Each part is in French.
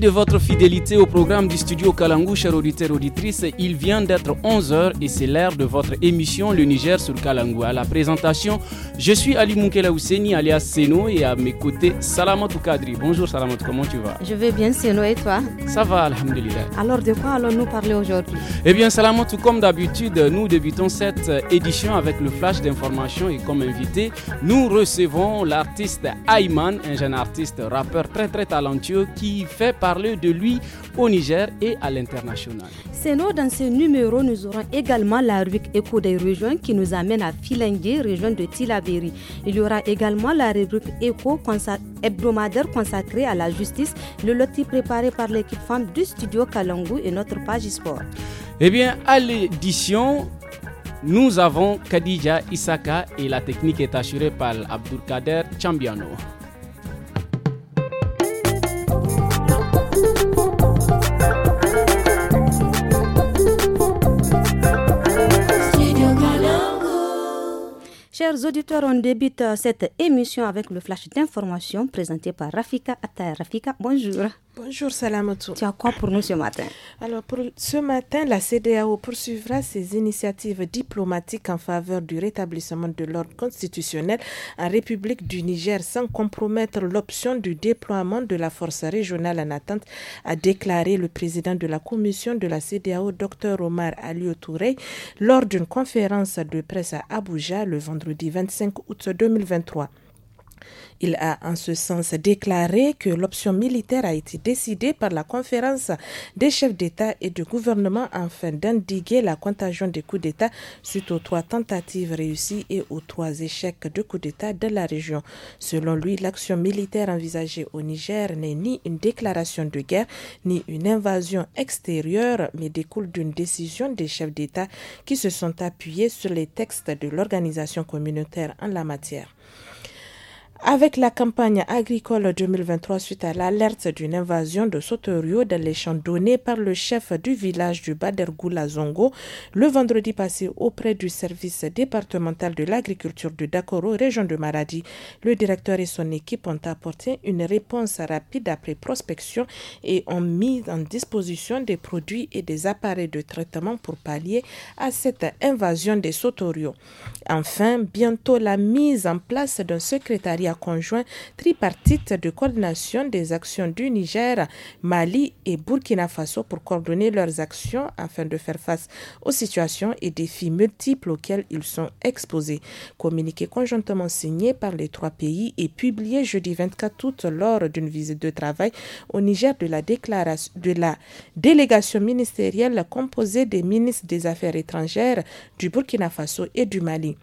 de votre fidélité au programme du studio Kalangou, chers auditeurs et Il vient d'être 11h et c'est l'heure de votre émission Le Niger sur Kalangou. À la présentation, je suis Ali Moukela Ousseni, alias Seno, et à mes côtés, Salamatou Kadri. Bonjour Salamatou, comment tu vas Je vais bien, Seno, et toi Ça va, Alhamdulillah. Alors, de quoi allons-nous parler aujourd'hui Eh bien, Salamotou, comme d'habitude, nous débutons cette édition avec le flash d'information et comme invité, nous recevons l'artiste Ayman, un jeune artiste, rappeur très très talentueux qui fait partie parler de lui au Niger et à l'international. C'est nous, dans ce numéro, nous aurons également la rubrique Écho des régions qui nous amène à Filengue, région de Tilaberi. Il y aura également la rubrique Écho hebdomadaire consacrée à la justice, le loti préparé par l'équipe femme du studio Kalangu et notre page sport Eh bien, à l'édition, nous avons Khadija Isaka et la technique est assurée par Abdulkader Chambiano. Chers auditeurs, on débute euh, cette émission avec le flash d'information présenté par Rafika Atta. Rafika, bonjour. Bonjour Salamatou. Tu as quoi pour nous ce matin Alors pour ce matin, la CDAO poursuivra ses initiatives diplomatiques en faveur du rétablissement de l'ordre constitutionnel en République du Niger sans compromettre l'option du déploiement de la force régionale en attente, a déclaré le président de la commission de la CDAO, Dr Omar Ali Touré, lors d'une conférence de presse à Abuja le vendredi 25 août 2023. Il a en ce sens déclaré que l'option militaire a été décidée par la conférence des chefs d'État et de gouvernement afin d'endiguer la contagion des coups d'État suite aux trois tentatives réussies et aux trois échecs de coups d'État de la région. Selon lui, l'action militaire envisagée au Niger n'est ni une déclaration de guerre ni une invasion extérieure, mais découle d'une décision des chefs d'État qui se sont appuyés sur les textes de l'organisation communautaire en la matière. Avec la campagne agricole 2023 suite à l'alerte d'une invasion de Sotorio dans les champs donnés par le chef du village du Badergoula Zongo le vendredi passé auprès du service départemental de l'agriculture du Dakoro, région de Maradi, le directeur et son équipe ont apporté une réponse rapide après prospection et ont mis en disposition des produits et des appareils de traitement pour pallier à cette invasion des Sotorio. Enfin, bientôt la mise en place d'un secrétariat conjoint tripartite de coordination des actions du Niger, Mali et Burkina Faso pour coordonner leurs actions afin de faire face aux situations et défis multiples auxquels ils sont exposés. Communiqué conjointement signé par les trois pays et publié jeudi 24 août lors d'une visite de travail au Niger de la déclaration de la délégation ministérielle composée des ministres des Affaires étrangères du Burkina Faso et du Mali.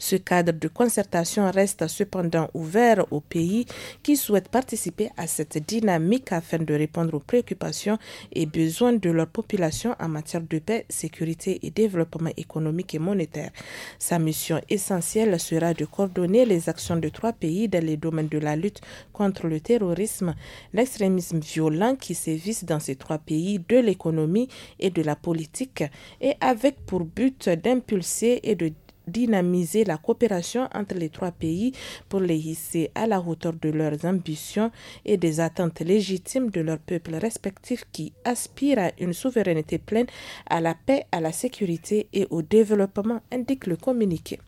Ce cadre de concertation reste cependant ouvert aux pays qui souhaitent participer à cette dynamique afin de répondre aux préoccupations et besoins de leur population en matière de paix, sécurité et développement économique et monétaire. Sa mission essentielle sera de coordonner les actions de trois pays dans les domaines de la lutte contre le terrorisme, l'extrémisme violent qui sévissent dans ces trois pays, de l'économie et de la politique, et avec pour but d'impulser et de dynamiser la coopération entre les trois pays pour les hisser à la hauteur de leurs ambitions et des attentes légitimes de leurs peuples respectifs qui aspirent à une souveraineté pleine, à la paix, à la sécurité et au développement, indique le communiqué.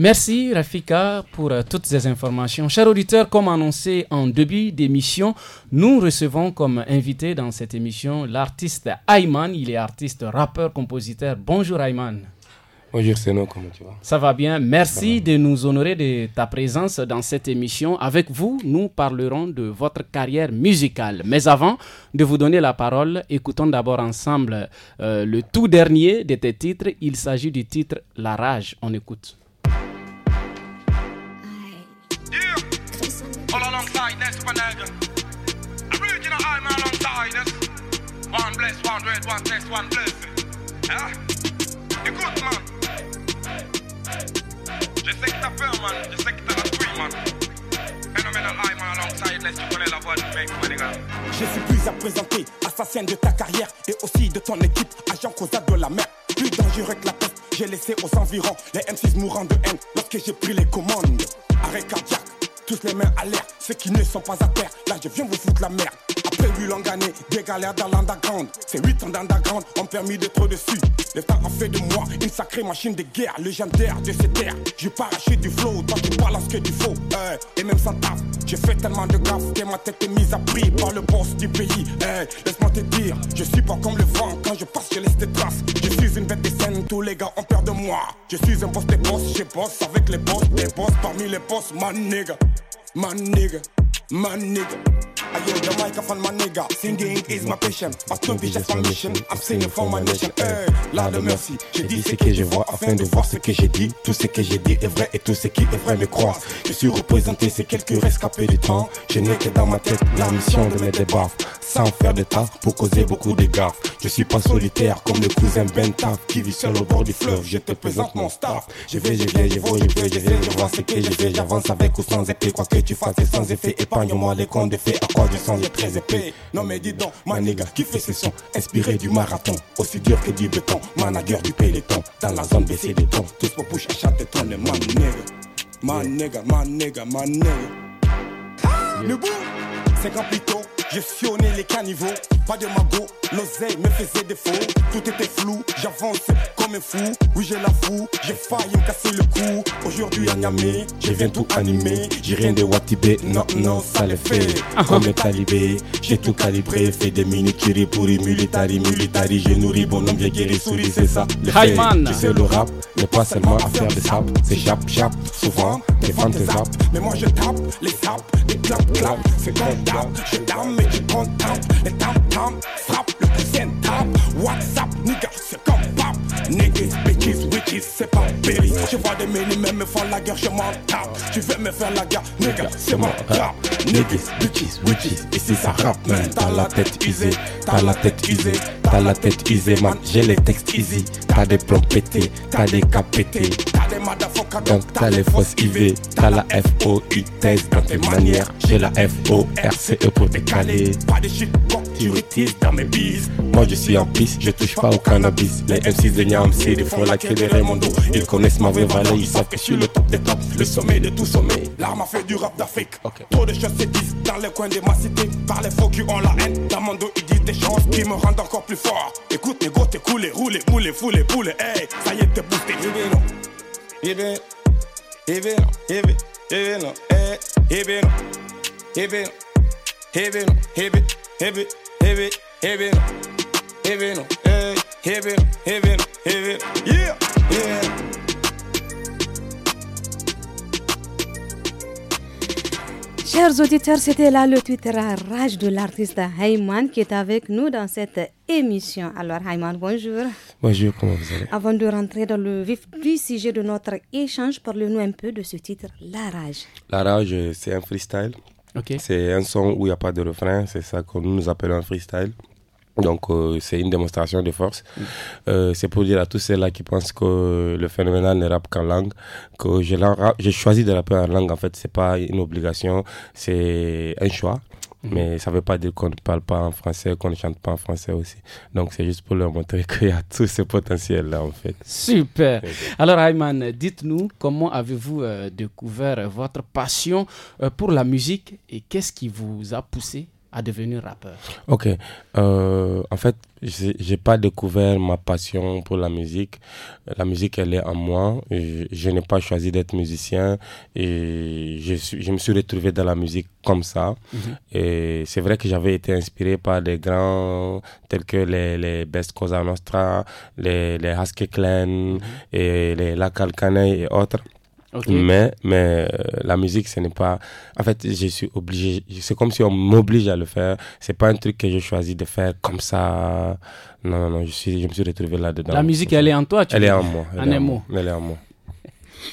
Merci Rafika pour euh, toutes ces informations. Chers auditeurs, comme annoncé en début d'émission, nous recevons comme invité dans cette émission l'artiste Ayman. Il est artiste, rappeur, compositeur. Bonjour Ayman. Bonjour comment tu vas Ça va bien. Merci de nous honorer de ta présence dans cette émission. Avec vous, nous parlerons de votre carrière musicale. Mais avant de vous donner la parole, écoutons d'abord ensemble euh, le tout dernier de tes titres. Il s'agit du titre La Rage. On écoute. Je sais que t'as peur, man. Je sais que t'as la man. man, tu connais la du Je suis plus à présenter, assassin de ta carrière et aussi de ton équipe, agent causa de la mer. Plus dangereux que la peste, j'ai laissé aux environs les M6 mourant de haine lorsque j'ai pris les commandes. Arrêt cardiaque, toutes les mains à l'air, ceux qui ne sont pas à terre, là je viens vous foutre la merde. J'ai vu l'enganer, des galères dans l'underground. Ces 8 ans d'underground ont permis d'être au-dessus. L'État a fait de moi une sacrée machine de guerre, légendaire de ces terres. J'ai paraché du flow, toi tu balances que du faux. Eh, et même sans tape j'ai fait tellement de gaffes que ma tête est mise à prix par le boss du pays. eh Laisse-moi te dire, je suis pas comme le vent. Quand je passe, je laisse des traces. Je suis une bête des scènes, tous les gars ont peur de moi. Je suis un boss des boss, je bosse avec les boss, des boss parmi les boss, ma nigga. man nigga. Man nigga. I hear the microphone, my nigga. Singing is my passion. be just mission. I'm singing for my nation. là de merci. J'ai dit ce que je vois afin de voir ce que j'ai dit. Tout ce que j'ai dit est vrai et tout ce qui est vrai me croire Je suis représenté, c'est quelques rescapés du temps. Je n'ai que dans ma tête la mission de mes débats Sans faire de tas pour causer beaucoup de gaffes. Je suis pas solitaire comme le cousin Ben qui vit seul au bord du fleuve. Je te présente mon staff. Je vais, je viens, je vois, je peux, je viens, je vois ce que je vais. J'avance avec ou sans effet. Quoi que tu fasses, c'est sans effet et pas Épargne-moi les comptes de cause du son, les très épais. Non mais dis donc, ma nigga, qui fait ce son Inspiré du marathon, aussi dur que du béton. Manager du peloton dans la zone baissée des tons. Tous pour bouche à chaque ton, les man nigga. ma nigga, ma nigga, man nigga. Le bout, c'est capitaux. J'ai fionné les caniveaux, pas de magot, l'oseille me faisait défaut. Tout était flou, j'avance comme un fou. Oui, j'ai la fou, j'ai failli me casser le cou. Aujourd'hui à Niamey, je viens tout animer. J'ai rien de Watibé, non, non, ça les fait. Ah, ah. comme les talibés, j'ai tout calibré. Fait des mini-kiri pour militari, militari. J'ai nourri bonhomme, j'ai guéri, souris, c'est ça. Le fait. Tu sais, le rap Mais pas seulement à faire de sap. C'est jap, chap souvent, des ventes zap. Mais moi, je tape les saps, des clap, clap. C'est comme dame, je dame mais tu contentes. Les tam-tam frappe, le poussin tape. WhatsApp, nigga, c'est comme pap. Niggas, bitches, witches, c'est pas péri. tu vois des mini même me font la guerre, je m'en tape. Tu veux me faire la guerre, nigga, c'est mon rap. Niggas, bitches, witches, ici ça rap man. T'as la tête usée, t'as la tête usée, t'as la tête usée, man. J'ai les textes easy, t'as des plombs pétés, t'as des caps pétés. Donc t'as les fausses IV, t'as la FOI thèse dans tes manières. J'ai la FORCE pour décaler. Pas de shit, tu utilises dans mes bises. Moi je suis en piste, je touche pas au cannabis. Les M6 de Niam ils font la clé de mon dos. Ils connaissent ma vraie valeur, ils savent que je suis le top des tops, le sommet de tout sommet. L'arme a fait du rap d'Afrique. Okay. Trop de choses se disent dans les coins de ma cité. Par les faux qui ont la haine, dans mon dos ils disent des choses qui me rendent encore plus fort. Écoute, négo, t'es coulé, roulé, mouler, foulé, poulet, hey, ça y est, t'es boosté. Ibeno, Ibeno, Ibeno, Ibeno, eh, Ibeno, Ibeno, Ibeno, Ibeno, Ibeno, Ibeno, Ibeno, Ibeno, eh, Ibeno, Ibeno, Ibeno, yeah, yeah. Chers auditeurs, c'était là le Twitter rage de l'artiste Heyman qui est avec nous dans cette émission. Alors Heyman, bonjour. Bonjour, comment vous allez Avant de rentrer dans le vif du sujet de notre échange, parlez nous un peu de ce titre, La Rage. La Rage, euh, c'est un freestyle. Ok. C'est un son où il n'y a pas de refrain, c'est ça qu'on nous, appelle un freestyle. Donc euh, c'est une démonstration de force. Mm. Euh, c'est pour dire à tous ceux-là qui pensent que le phénoménal ne rappe qu'en langue, que j'ai choisi de rapper en langue. En fait, c'est pas une obligation, c'est un choix. Mm. Mais ça veut pas dire qu'on ne parle pas en français, qu'on ne chante pas en français aussi. Donc c'est juste pour leur montrer qu'il y a tout ce potentiel-là en fait. Super. Alors Ayman, dites-nous comment avez-vous euh, découvert votre passion pour la musique et qu'est-ce qui vous a poussé à devenir rappeur Ok. Euh, en fait, j'ai pas découvert ma passion pour la musique. La musique, elle est en moi. Je, n'ai pas choisi d'être musicien et je, je me suis retrouvé dans la musique comme ça. Mhm. Et c'est vrai que j'avais été inspiré par des grands tels que les, les Best Cosa Nostra, les, les Haske Clan mhm. et les La Calcane et autres. Mais, mais euh, la musique, ce n'est pas. En fait, je suis obligé. C'est comme si on m'oblige à le faire. C'est pas un truc que je choisis de faire comme ça. Non, non, non. Je, suis, je me suis retrouvé là-dedans. La musique, elle est en toi, tu Elle en moi. est, en Elle est en moi.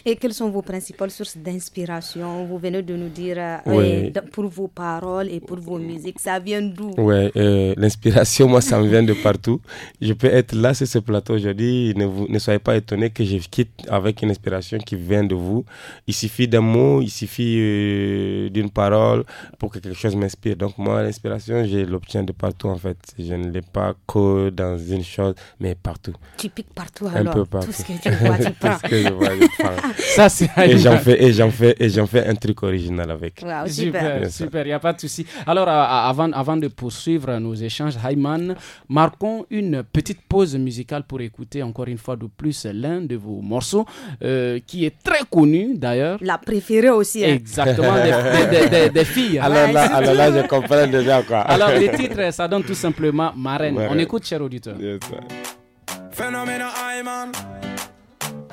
Et quelles sont vos principales sources d'inspiration Vous venez de nous dire euh, eh, pour vos paroles et pour vos musiques, ça vient d'où Oui, euh, l'inspiration, moi, ça me vient de partout. Je peux être là sur ce plateau aujourd'hui. Ne, ne soyez pas étonné que je quitte avec une inspiration qui vient de vous. Il suffit d'un mot, il suffit euh, d'une parole pour que quelque chose m'inspire. Donc, moi, l'inspiration, je l'obtiens de partout, en fait. Je ne l'ai pas que dans une chose, mais partout. Tu piques partout, alors. Un peu partout. Tout ce que tu vois, tu prends. Tout ce que je vois, je ça, c'est Et j'en fais, et j'en fais, et j'en fais un truc original avec. super, super, il n'y a pas de souci. Alors, euh, euh, avant, avant de poursuivre nos échanges, Hayman, marquons une petite pause musicale pour écouter encore une fois de plus l'un de vos morceaux, euh, qui est très connu d'ailleurs. La préférée aussi. Hein. Exactement, des, filles. Alors là, je comprends déjà quoi. Alors, le titre, ça donne tout simplement Marraine. On écoute, cher auditeur. Yes, Ayman.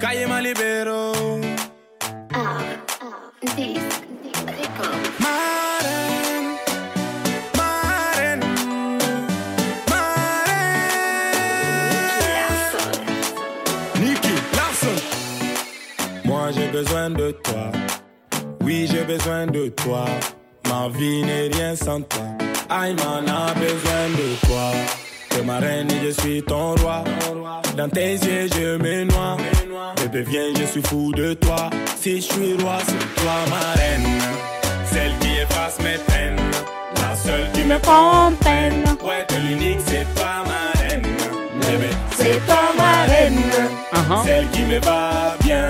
Calle me libero. Nicky Larson. Moi j'ai besoin de toi. Oui, j'ai besoin de toi. Ma vie n'est rien sans toi. Aïman a besoin de toi. Que ma reine je suis ton roi. Dans tes yeux, je me noie. Bébé viens, je suis fou de toi. Si je suis roi, c'est toi ma reine. Celle qui efface mes peines. La seule qui me prend peine. Ouais, l'unique, c'est pas ma reine. Eh bébé, ben, c'est toi ma reine. Uh-huh. Celle qui me va bien.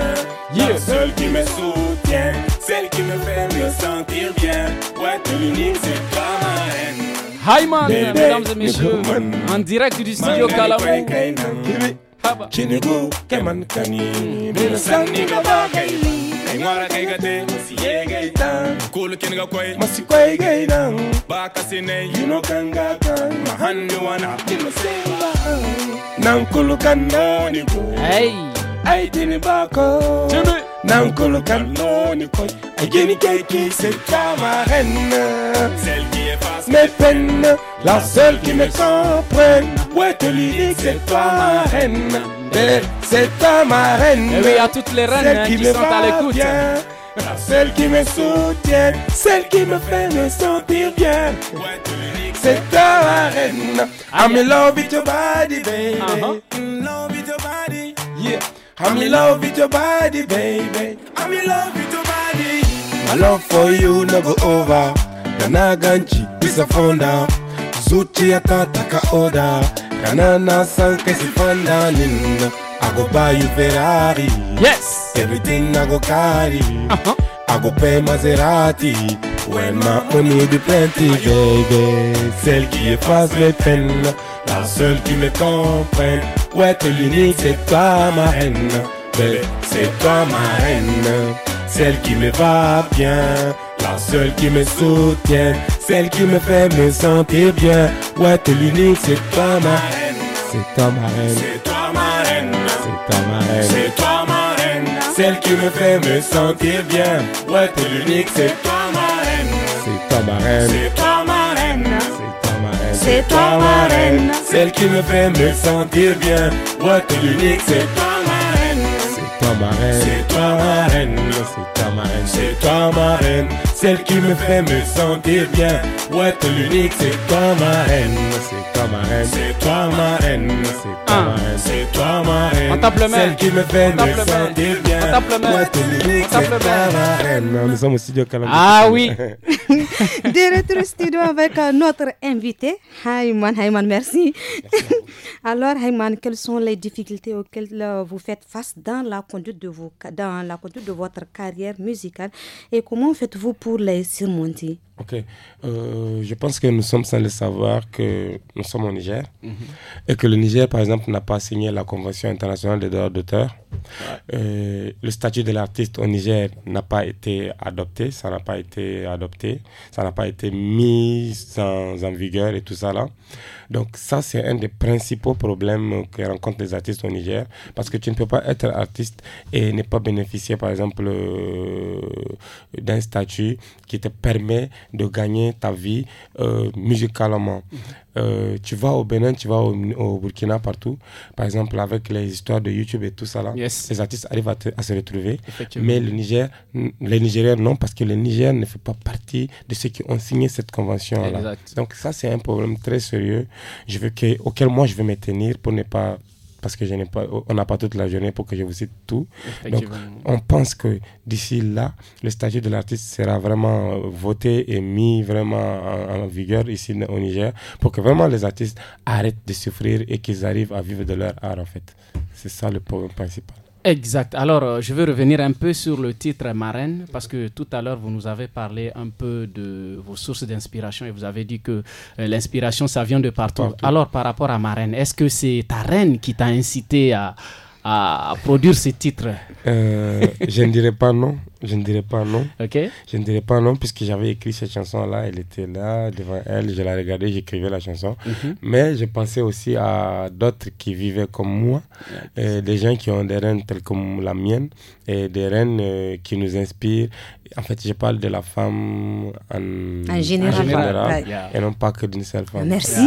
La seule qui me soutient. Celle qui me fait me sentir bien. Ouais, t'es l'unique, c'est pas ma reine. Hi man, mesdames et messieurs, en direct du studio Kalamu. haba chini keman kani nina sani ga bagay ngwara kay gate si yegay tan kulu ken ga koy masi koy gay nan ba kasine you know kan ga kan mahanni wana tinu sewa nan kulu kan nani go hey ay tini bako chimi Nankolo canonico, Ageni Keiki, c'est ta marraine. Celle qui efface mes peines, la seule qui me comprenne. Ouais, te lyrique, c'est toi ma reine. C'est ta marraine. Eh oui, à toutes les reines hein, qui, me sont à l'écoute. La seule qui me soutient, celle qui me fait me sentir bien. C'est ta reine. I'm uh-huh. in love with your body, baby. love with your body. Yeah. I'm in love with your body, baby. I'm in love with your body. My love for you never over. Kana ganchi bisafonda. Zuchi yatataka oda. Kana na san kesifanda ninna. I go buy you Ferrari. Yes. Everything I go carry. Uh-huh. I go pay Maserati. Ouais, ma monnaie de plenty, Celle qui efface mes peines. La seule qui me comprenne. Ouais, t'es l'unique, c'est toi ma reine. Belle, c'est toi ma reine. Celle qui me va bien. La seule qui me soutient. Celle qui me fait me sentir bien. Ouais, t'es l'unique, c'est toi ma reine. C'est toi ma reine. C'est toi ma reine. C'est toi ma reine. C'est toi ma reine. Celle qui me fait me sentir bien. Ouais, t'es l'unique, c'est toi toi ma reine. C'est toi ma reine. C'est toi ma reine. Celle qui me fait me sentir bien. Ouais, l'unique, c'est toi ma reine. C'est toi ma reine. C'est toi ma reine. C'est toi ma reine. C'est toi ma reine. Celle qui me fait me sentir bien. Ouais, t'es l'unique, c'est toi ma reine ma reine, c'est toi ma reine, c'est toi ma reine, c'est toi ma reine. Celle qui me fait me sentir bien. moi t'es le c'est toi ma reine. Nous sommes au studio Calamity. Ah oui. De retour au studio avec euh, notre invité, Haïman. Haïman, merci. Alors Haïman, quelles sont les difficultés auxquelles euh, vous faites face dans la conduite de vos, dans la conduite de votre carrière musicale et comment faites-vous pour les surmonter? Ok. Euh, je pense que nous sommes sans le savoir que nous sommes au Niger mhm. et que le Niger, par exemple, n'a pas signé la Convention internationale des droits d'auteur. Euh, le statut de l'artiste au Niger n'a pas été adopté, ça n'a pas été adopté, ça n'a pas été mis en, vigueur et tout ça là. Donc ça, c'est un des principaux problèmes que rencontrent les artistes au Niger, parce que tu ne peux pas être artiste et ne pas bénéficier, par exemple, euh, d'un statut qui te permet de gagner ta vie euh, musicalement. Mhm. Euh, tu vas au Bénin, tu vas au, Burkina, partout. Par exemple, avec les histoires de YouTube et tout ça, là, yes. les artistes arrivent à, à se retrouver. Mais le Niger, les Nigériens, non, parce que le Niger ne fait pas partie de ceux qui ont signé cette convention-là. Donc ça, c'est un problème très sérieux je veux que, auquel moi je veux me tenir pour ne pas parce que je n'ai pas, on n'a pas toute la journée pour que je vous cite tout. Donc, on pense que d'ici là, le statut de l'artiste sera vraiment euh, voté et mis vraiment en, vigueur ici au Niger pour que vraiment les artistes arrêtent de souffrir et qu'ils arrivent à vivre de leur art en fait. C'est ça le point principal. Exact. Alors, euh, je veux revenir un peu sur le titre Marraine, parce que tout à l'heure, vous nous avez parlé un peu de vos sources d'inspiration et vous avez dit que euh, l'inspiration, ça vient de partout. Alors, par rapport à Marraine, est-ce que c'est ta reine qui t'a incité à, produire ce titre euh, Je ne dirais pas non. Je ne dirais pas non. Ok. Je ne dirais pas non, puisque j'avais écrit cette chanson-là. Elle était là, devant elle. Je la regardais, j'écrivais la chanson. Mhm. Mais je pensais aussi à d'autres qui vivaient comme moi. Euh, des gens qui ont des reines telles comme la mienne. Et des reines euh, qui nous inspirent. En fait, je parle de la femme en, général, et non pas que d'une seule femme. Merci.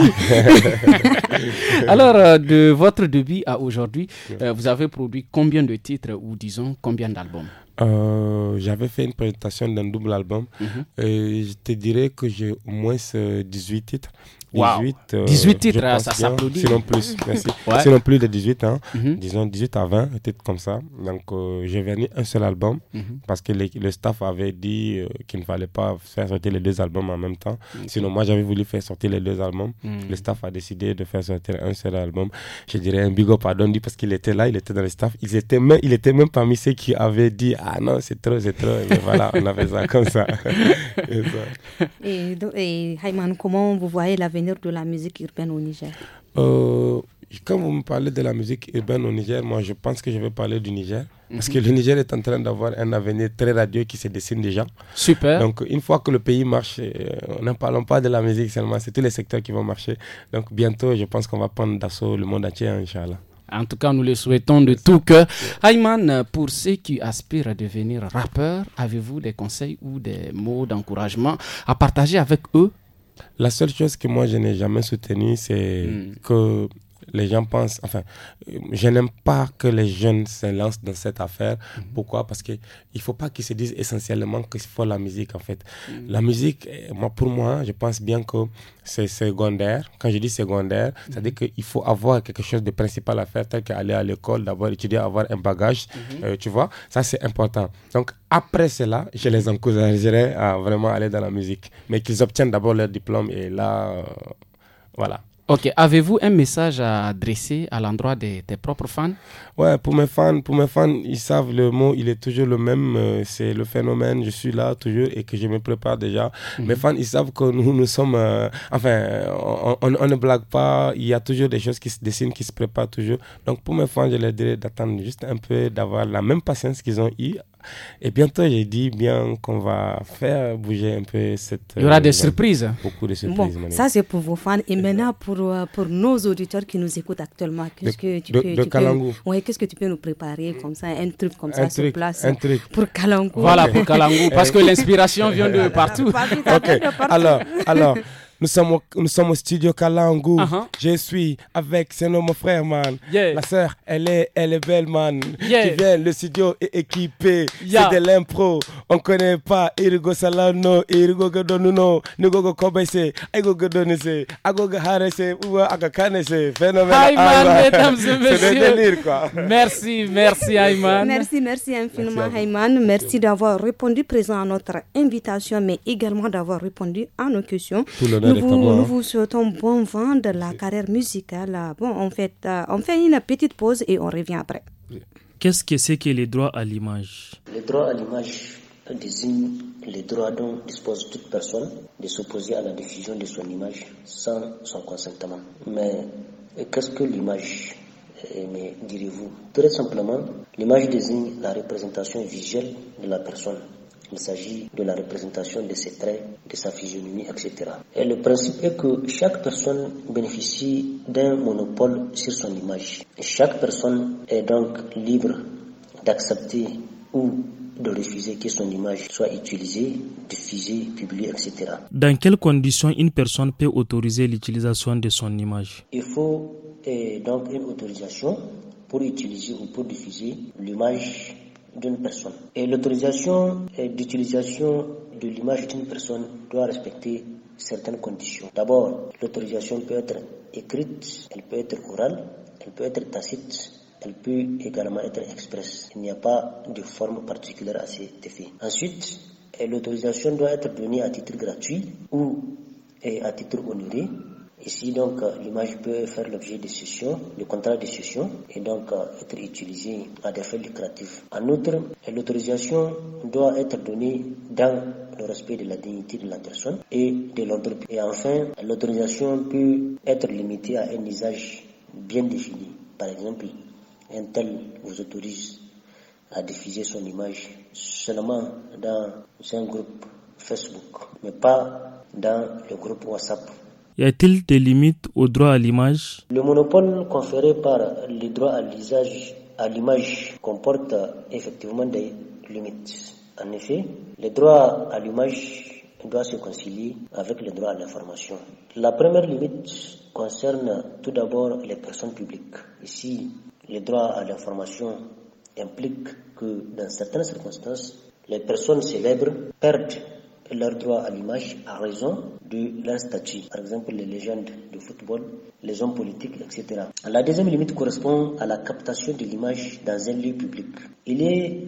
Alors, euh, de votre début à aujourd'hui, vous avez produit combien de titres ou disons combien d'albums euh, j'avais fait une présentation d'un double album. Mhm. et je te dirais que j'ai au moins 18 euh, titres. 18. 18 euh, titres, ça s'applaudit. Sinon plus, merci. Sinon plus de 18, hein. Mhm. disons 18 à 20, peut-être comme ça. Donc euh, j'ai venu un seul album mhm. parce que le staff avait dit euh, qu'il ne fallait pas faire sortir les deux albums en même temps. Sinon, moi j'avais voulu faire sortir les deux albums. Mhm. Le staff a décidé de faire sortir un seul album. Je dirais un big up à parce qu'il était là, il était dans le staff. Il était même, il était même parmi ceux qui avaient dit Ah non, c'est trop, c'est trop. Mais voilà, on avait ça comme ça. et, ça. comment vous voyez l'avenir de la musique urbaine au Niger euh, Quand vous me parlez de la musique urbaine au Niger, moi je pense que je vais parler du Niger. Parce que mhm. le Niger est en train d'avoir un avenir très radieux qui se dessine déjà. Super. Donc, une fois que le pays marche, on euh, n'en parlons pas de la musique seulement, c'est tous les secteurs qui vont marcher. Donc, bientôt, je pense qu'on va prendre d'assaut le monde entier, Inch'Allah. En tout cas, nous le souhaitons de tout cœur. Ayman, pour ceux qui aspirent à devenir rappeurs, avez-vous des conseils ou des mots d'encouragement à partager avec eux la seule chose que moi je n'ai jamais soutenue, c'est hmm. que les gens pensent, enfin, euh, je n'aime pas que les jeunes se lancent dans cette affaire. Mhm. Pourquoi Parce qu'il ne faut pas qu'ils se disent essentiellement qu'il faut la musique, en fait. Mhm. La musique, euh, moi, pour moi, je pense bien que c'est secondaire. Quand je dis secondaire, ça mhm. veut à dire qu'il faut avoir quelque chose de principal à faire, tel qu'aller à l'école, d'avoir étudier, avoir un bagage, euh, tu vois. Ça, c'est important. Donc, après cela, je les encouragerais à vraiment aller dans la musique. Mais qu'ils obtiennent d'abord leur diplôme et là, voilà. Ok, avez-vous un message à adresser à l'endroit de tes propres fans Ouais, pour mes fans, pour mes fans, ils savent le mot, il est toujours le même, euh, c'est le phénomène, je suis là toujours et que je me prépare déjà. Mhm. Mes fans, ils savent que nous, nous sommes, euh, enfin, on, ne blague pas, il y a toujours des choses qui se dessinent, qui se préparent toujours. Donc pour mes fans, je leur dirais d'attendre juste un peu, d'avoir la même patience qu'ils ont eue. Et bientôt, j'ai dit bien qu'on va faire bouger un peu cette. Il y aura euh, des surprises. Beaucoup de surprises. Bon, ça, c'est pour vos fans. Et maintenant, pour, euh, pour nos auditeurs qui nous écoutent actuellement, qu'est-ce que tu peux. tu Peux, qu'est-ce que tu peux nous préparer comme ça, un truc comme ça sur place Un truc. Pour Kalangu. Voilà, pour Kalangu. Parce que eh. l'inspiration vient de partout. ok. Alors, alors. Nous sommes au, nous sommes au studio Kalangu. Uh -huh. Je suis avec, c'est mon frère, man. Yeah. La sœur, elle est, elle est belle, man. Yeah. Qui vient, le studio est équipé. Yeah. C'est de l'impro. On connaît pas. Irigo Salano, Irigo Godonuno, Nugogo Kobese, Agogo Godonese, Agogo Harese, Uwa Agakanese. Phénomène. man, mesdames et messieurs. C'est le délire, quoi. Merci, merci, Ayman. Merci, merci infiniment, Ayman. Merci d'avoir répondu présent à notre invitation, mais également d'avoir répondu à nos questions. Tout le nous, vous, souhaitons bon vent de la carrière musicale. Bon, on fait, euh, on fait une petite pause et on revient après. Qu'est-ce que c'est que les droits à l'image Les droits à l'image désignent les droits dont dispose toute personne de s'opposer à la diffusion de son image sans son consentement. Mais qu'est-ce que l'image eh, mais direz-vous Très simplement, l'image désigne la représentation visuelle de la personne il s'agit de la représentation de ses traits, de sa physionomie, etc. Et le principe est que chaque personne bénéficie d'un monopole sur son image. Chaque personne est donc libre d'accepter ou de refuser que son image soit utilisée, diffusée, publiée, etc. Dans quelles conditions une personne peut autoriser l'utilisation de son image Il faut eh, donc une autorisation pour utiliser ou pour diffuser l'image d'une personne. Et l'autorisation d'utilisation de l'image d'une personne doit respecter certaines conditions. D'abord, l'autorisation peut être écrite, elle peut être orale, elle peut être tacite, elle peut également être expresse. Il n'y a pas de forme particulière à cet effet. Ensuite, l'autorisation doit être donnée à titre gratuit ou à titre honoré Ici, donc, euh, l'image peut faire l'objet de cession, de contrat de cession, et donc euh, être utilisée à des fins lucratives. En outre, l'autorisation doit être donnée dans le respect de la dignité de la personne et de l'entreprise. Et enfin, l'autorisation peut être limitée à un usage bien défini. Par exemple, un tel vous autorise à diffuser son image seulement dans un groupe Facebook, mais pas dans le groupe WhatsApp y a-t-il des limites au droit à l'image Le monopole conféré par les droits à à l'image comporte effectivement des limites. En effet, le droit à l'image doit se concilier avec le droit à l'information. La première limite concerne tout d'abord les personnes publiques. Ici, le droit à l'information implique que dans certaines circonstances, les personnes célèbres perdent leur droit à l'image à raison de leur statut, par exemple les légendes de football, les hommes politiques, etc. La deuxième limite correspond à la captation de l'image dans un lieu public. Il est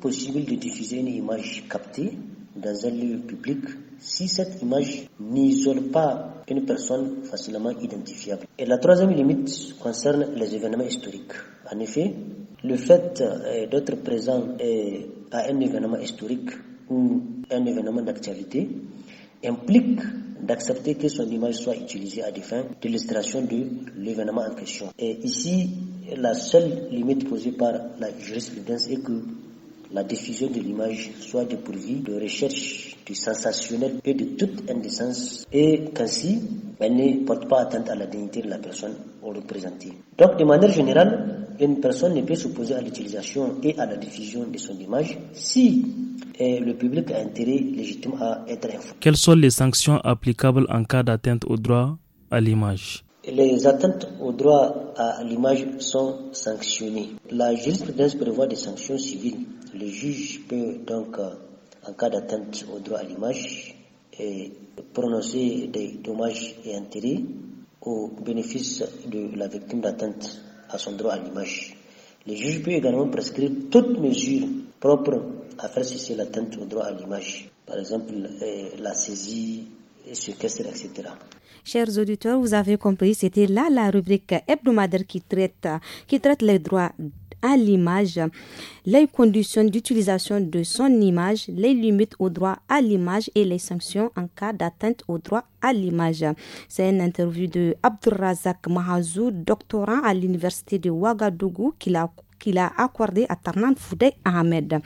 possible de diffuser une image captée dans un lieu public si cette image n'isole pas une personne facilement identifiable. Et la troisième limite concerne les événements historiques. En effet, le fait euh, d'être présent euh, à un événement historique ou un événement d'actualité implique d'accepter que son image soit utilisée à des fins d'illustration de l'événement en question. Et ici, la seule limite posée par la jurisprudence est que la diffusion de l'image soit dépourvue de recherche du sensationnel et de toute indécence et qu'ainsi elle ne porte pas atteinte à la dignité de la personne représentée. Donc de manière générale, une personne ne peut s'opposer à l'utilisation et à la diffusion de son image si eh, le public a intérêt légitime à être informé. Quelles sont les sanctions applicables en cas d'atteinte au droit à l'image les atteintes au droit à l'image sont sanctionnées. La jurisprudence prévoit des sanctions civiles. Le juge peut donc, euh, en cas d'atteinte au droit à l'image, eh, prononcer des dommages et intérêts au bénéfice de la victime d'atteinte à son droit à l'image. Le juge peut également prescrire toute mesure propre à faire cesser l'atteinte au droit à l'image. Par exemple, euh, la saisie Chers auditeurs, vous avez compris, c'était là la rubrique hebdomadaire qui traite, qui traite les droits à l'image, les conditions d'utilisation de son image, les limites au droit à l'image et les sanctions en cas d'atteinte au droits à l'image. C'est une interview de Abdurrazak Mahazou, doctorant à l'université de Ouagadougou, qu'il a, qu'il a accordé à Tarnan Foudé Ahmed.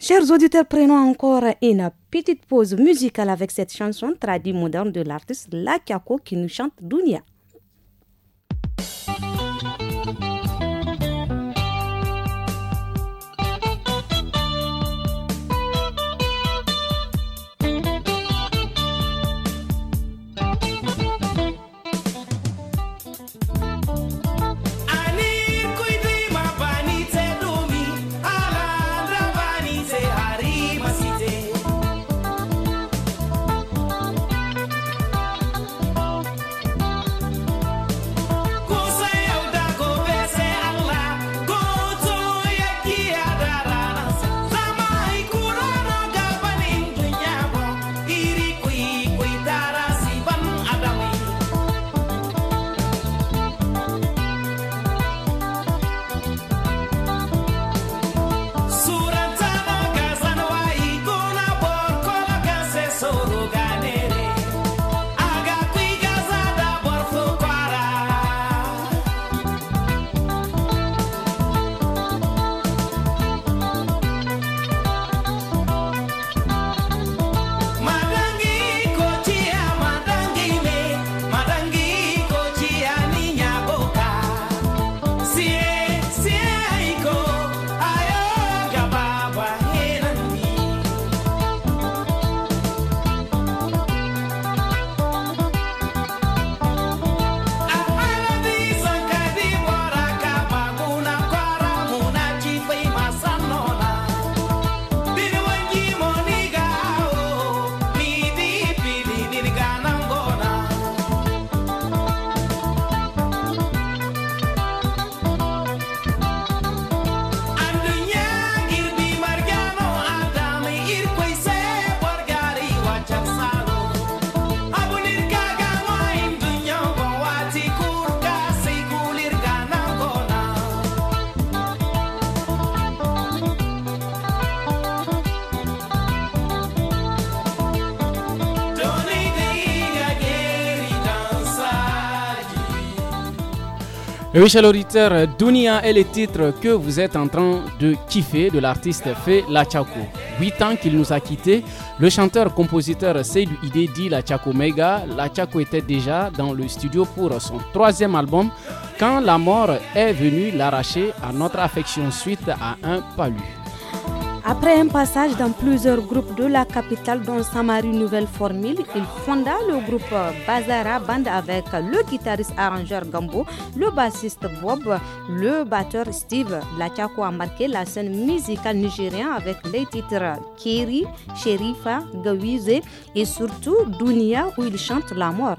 Chers auditeurs, prenons encore une petite pause musicale avec cette chanson traduite moderne de l'artiste Lakako qui nous chante Dunia. Et oui, chers auditeurs, Dunia est le titre que vous êtes en train de kiffer de l'artiste fait Lachako. Huit ans qu'il nous a quittés, le chanteur-compositeur Seydou Ide dit Lachako Mega. Lachako était déjà dans le studio pour son troisième album quand la mort est venue l'arracher à notre affection suite à un palu. Après un passage dans plusieurs groupes de la capitale dont Samarie Nouvelle Formule, il fonda le groupe Bazara Band avec le guitariste arrangeur Gambo, le bassiste Bob, le batteur Steve. Latiako a marqué la scène musicale nigérienne avec les titres Kiri, Sherifa, Gawize et surtout Dunia où il chante la mort.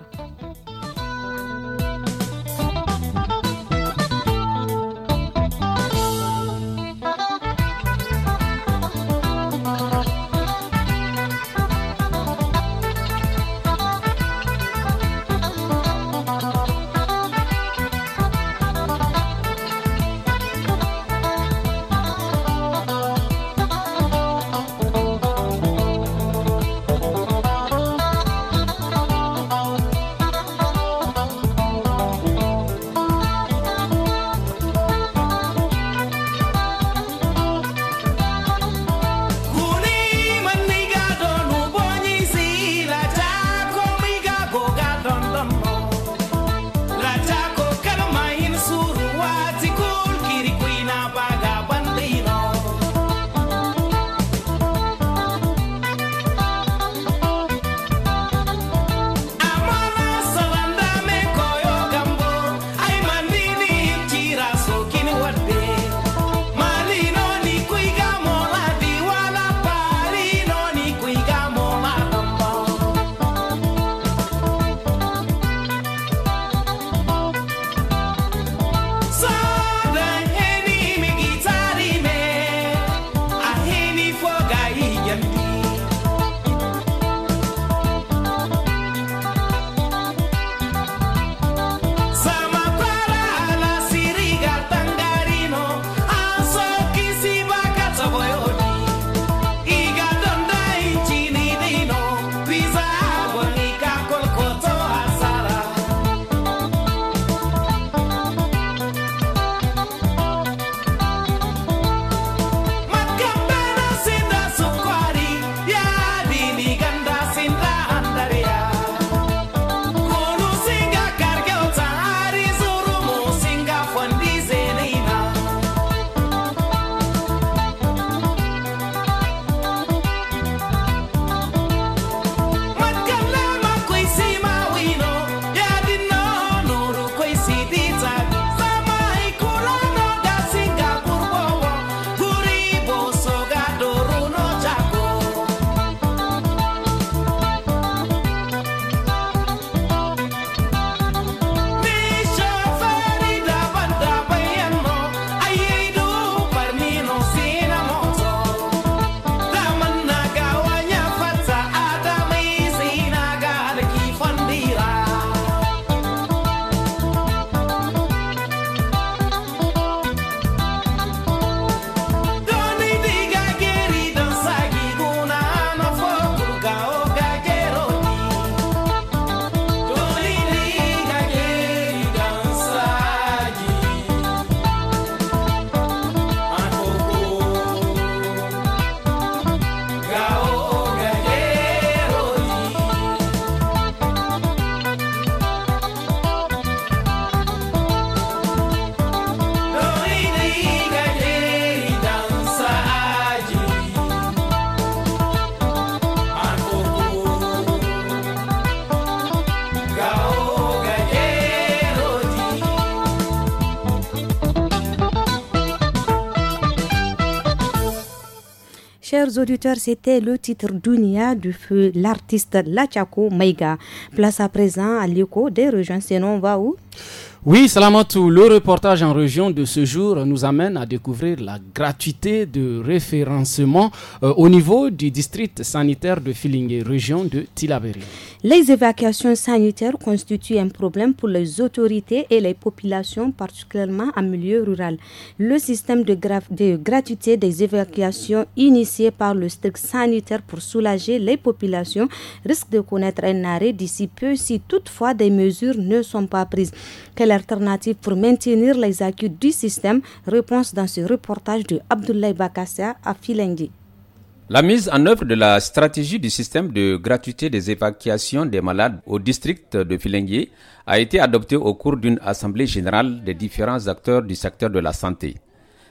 auditeurs, c'était le titre Dunia du feu l'artiste Lachako Maiga. Place à présent à l'écho des régions, sinon on va où oui, Salamatou, le reportage en région de ce jour nous amène à découvrir la gratuité de référencement euh, au niveau du district sanitaire de Filingue, région de Tilabéry. Les évacuations sanitaires constituent un problème pour les autorités et les populations, particulièrement en milieu rural. Le système de, gratuité des évacuations initié par le strict sanitaire pour soulager les populations risque de connaître un arrêt d'ici peu si toutefois des mesures ne sont pas prises. Quelle alternative pour maintenir les acquis du système Réponse dans ce reportage de Abdoulaye Bakassia à Filengi. La mise en œuvre de la stratégie du système de gratuité des évacuations des malades au district de Filenguier a été adoptée au cours d'une assemblée générale des différents acteurs du secteur de la santé.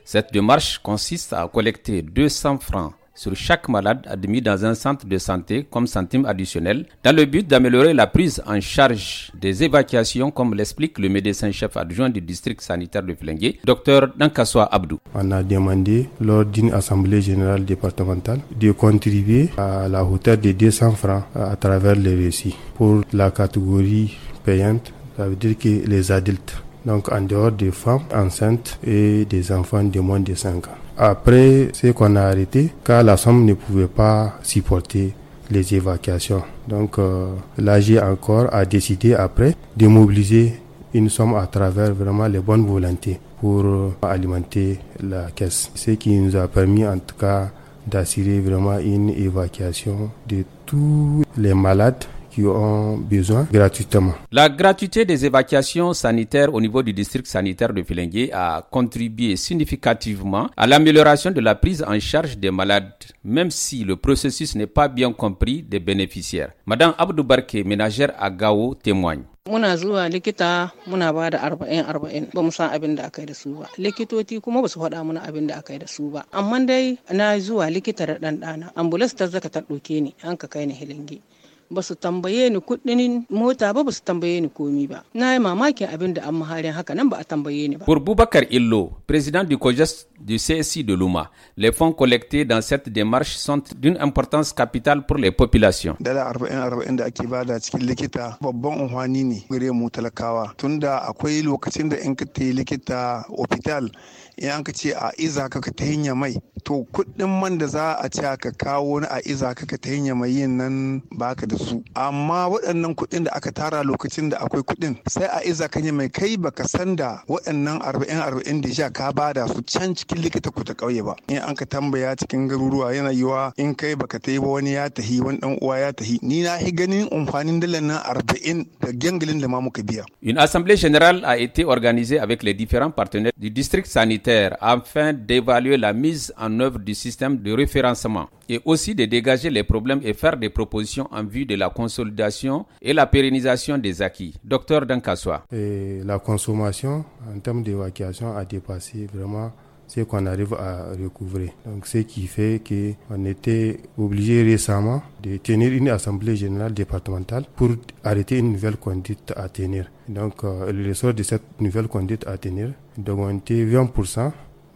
Cette démarche consiste à collecter 200 francs sur chaque malade admis dans un centre de santé comme centime additionnel, dans le but d'améliorer la prise en charge des évacuations, comme l'explique le médecin-chef adjoint du district sanitaire de Flingué, Dr Nankaswa Abdou. On a demandé lors d'une assemblée générale départementale de contribuer à la hauteur de 200 francs à travers les récits pour la catégorie payante, ça veut dire que les adultes donc en dehors des femmes enceintes et des enfants de moins de 5 ans. Après, c'est qu'on a arrêté car la somme ne pouvait pas supporter les évacuations. Donc euh, l'AG encore a décidé après de mobiliser une somme à travers vraiment les bonnes volontés pour euh, alimenter la caisse. Ce qui nous a permis en tout cas d'assurer vraiment une évacuation de tous les malades qui ont besoin gratuitement. La gratuité des évacuations sanitaires au niveau du district sanitaire de Filengue a contribué significativement à l'amélioration de la prise en charge des malades, même si le processus n'est pas bien compris des bénéficiaires. Madame Abdou Barke, ménagère à Gao, témoigne. muna zuwa likita muna ba da 40-40 ba mu san abin da aka yi da su ba likitoci kuma ba su faɗa muna abin da aka yi da su ba amma dai na zuwa likita da ɗanɗana ambulas ta zaka ta ɗauke ni an ka kai ni hilingi ba su tambaye ni kuɗin mota ba ba su tambaye ni komi ba na yi mamakin abin da an maharin haka nan ba a tambaye ni ba Pour Boubacar Illo président du COGES du csc de Luma les fonds collectés dans cette démarche sont d'une importance capitale pour les populations dala arba'in arba'in da ake bada cikin likita babban unhwani ne gare mu talakawa tunda akwai lokacin da in ka likita hospital in an ka ce a iza ka ta hanya mai to kuɗin man da za a ce ka kawo na a iza kaka ta hanya mai yin nan baka da su amma waɗannan kuɗin da aka tara lokacin da akwai kuɗin sai a iza ka mai kai baka san da waɗannan arba'in arba'in da sha ka bada su can cikin likita ku ta ƙauye ba in an ka tambaya cikin garuruwa yana yiwa in kai baka ta yi ba wani ya tahi wani ɗan uwa ya tahi ni na yi ganin amfanin dalar nan arba'in da gangalin da ma muka biya. Une assemblée générale a été organisée avec les différents partenaires du district sanitaire afin d'évaluer la mise en œuvre du système de référencement et aussi de dégager les problèmes et faire des propositions en vue de la consolidation et la pérennisation des acquis. Docteur Dankaswa. Et la consommation en termes d'évacuation a dépassé vraiment c'est qu'on arrive à recouvrer. Donc, ce qui fait qu'on était obligé récemment de tenir une assemblée générale départementale pour arrêter une nouvelle conduite à tenir. Donc, euh, le ressort de cette nouvelle conduite à tenir d'augmenter 20%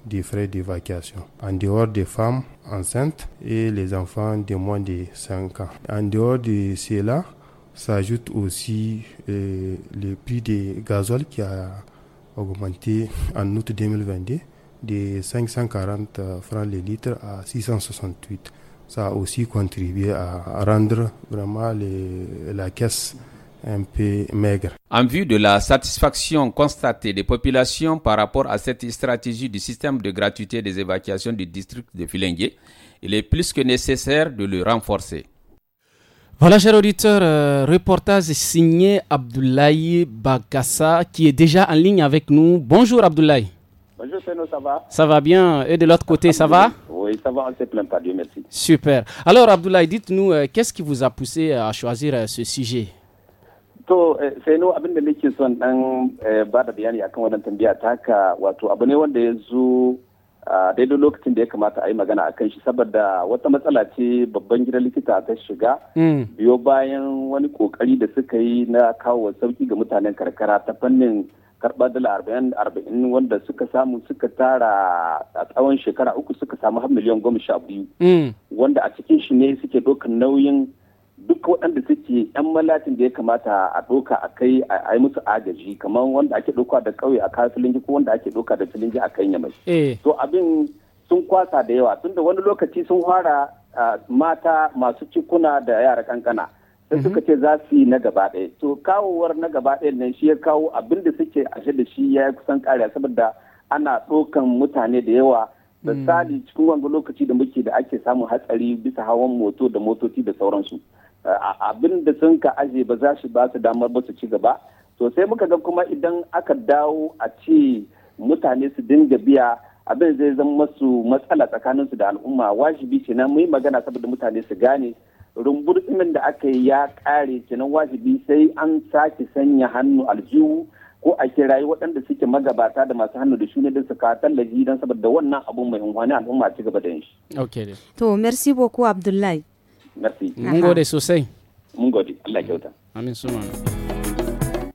des frais d'évacuation, en dehors des femmes enceintes et les enfants de moins de 5 ans. En dehors de cela, s'ajoute aussi euh, le prix des gazole qui a augmenté en août 2022 de 540 euh, francs le litre à 668. Ça a aussi contribué à rendre vraiment la caisse un peu maigre. En vue de la satisfaction constatée des populations par rapport à cette stratégie du système de gratuité des évacuations du district de Filingué, il est plus que nécessaire de le renforcer. Voilà, cher auditeur euh, reportage signé Abdoulaye Bagassa qui est déjà en ligne avec nous. Bonjour Abdoulaye. Bonjour Peno, ça va Ça va bien. Et de l'autre côté, ça va Oui, ça va, on ne se plaint pas, Dieu merci. Super. Alors Abdoulaye, dites-nous, euh, qu'est-ce qui vous a poussé à choisir euh, ce sujet To, euh, sai no abin da nake son dan euh, ba da bayani akan wannan tambaya ta haka wato abu wanda ya zo daidai lokacin da ya kamata a yi magana akan shi saboda wata matsala ce babban gidan likita ta shiga hmm. biyo bayan wani kokari da suka yi na kawo sauki ga mutanen karkara ta fannin karɓar dala arba'in arba'in wanda suka samu suka tara a tsawon shekara uku suka samu har miliyan goma sha biyu mm. wanda a cikin shi ne suke ɗaukar nauyin duk waɗanda suke yan malatin da ya kamata a ɗauka a kai a yi musu agaji kamar wanda ake ɗauka da ƙauye a kai silingi ko wanda ake ɗauka da filinji a kan yamai eh. to abin sun kwasa da yawa tunda wani lokaci sun fara ah, mata masu cikuna da yara kankana sai mhm. suka ce za su yi na gaba ɗaya to kawowar na gaba ɗaya nan shi ya kawo abin da suke ashe da shi ya kusan ƙarya saboda ana ɗaukan mutane da yawa mm. misali cikin wanga lokaci da muke da ake samun hatsari bisa hawan moto da motoci da sauransu abin da sun ka aje ba za shi ba su damar ba su ci gaba to sai muka ga kuma idan aka dawo a ce mutane su dinga biya abin zai zama masu matsala tsakaninsu da al'umma wajibi ce na muyi magana saboda mutane su gane rumbur da aka yi ya kare kenan wajibi sai an sake sanya hannu aljihu ko a kirayi waɗanda suke magabata da masu hannu da shuni da su kawo tallafi don saboda wannan abun mai unhwani al'umma ci gaba da yin shi. Ok. To, merci beaucoup Abdullahi. Merci. Mun gode sosai. Mun gode. Allah kyauta. Amin suna.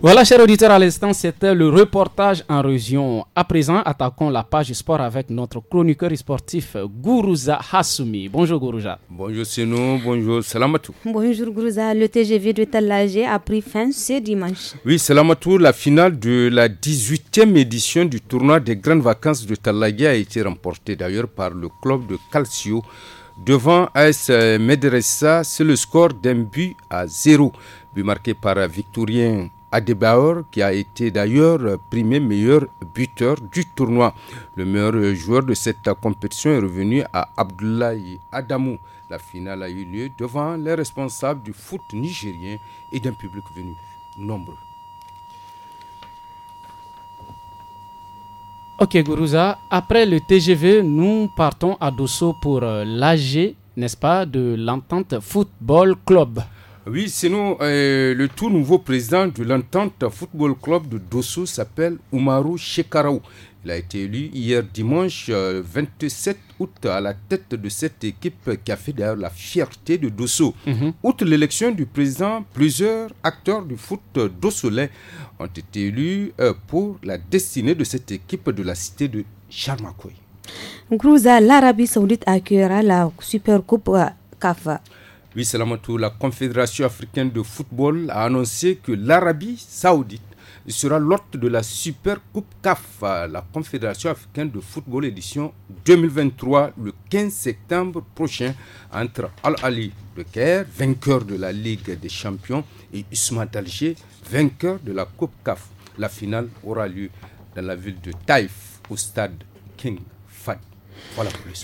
Voilà, chers auditeurs, à l'instant, c'était le reportage en région. À présent, attaquons la page sport avec notre chroniqueur sportif Gourouza Hassoumi. Bonjour Gourouza. Bonjour Sino, bonjour Salamatou. Bonjour Gourouza, le TGV de Talagé a pris fin ce dimanche. Oui, Salamatou, la finale de la 18e édition du tournoi des grandes vacances de Talagé a été remportée d'ailleurs par le club de Calcio devant AS Medresa, c'est le score d'un but à zéro, but marqué par Victorien Adebaor qui a été d'ailleurs premier meilleur buteur du tournoi. Le meilleur joueur de cette compétition est revenu à Abdoulaye Adamou. La finale a eu lieu devant les responsables du foot nigérien et d'un public venu nombreux. Ok Gourouza, après le TGV, nous partons à Dosso pour euh, l'AG, n'est-ce pas, de l'entente Football Club. Oui, sinon, euh, le tout nouveau président de l'entente Football Club de Dosso s'appelle Umaru Shekaraou. Il a été élu hier dimanche 27 euh, août à la tête de cette équipe qui a fait d'ailleurs la fierté de Dosso. Mhm. Outre l'élection du président, plusieurs acteurs du foot dossolais ont été élus euh, pour la destinée de cette équipe de la cité de Charmakoy. Grouza, l'Arabie saoudite accueillera la Supercoupe Coupe oui, la Confédération africaine de football a annoncé que l'Arabie saoudite sera l'hôte de la Super Coupe CAF, la Confédération africaine de football édition 2023, le 15 septembre prochain, entre Al-Ali de Caire, vainqueur de la Ligue des champions, et Usman Alger, vainqueur de la Coupe CAF. La finale aura lieu dans la ville de Taïf, au stade King Fahd.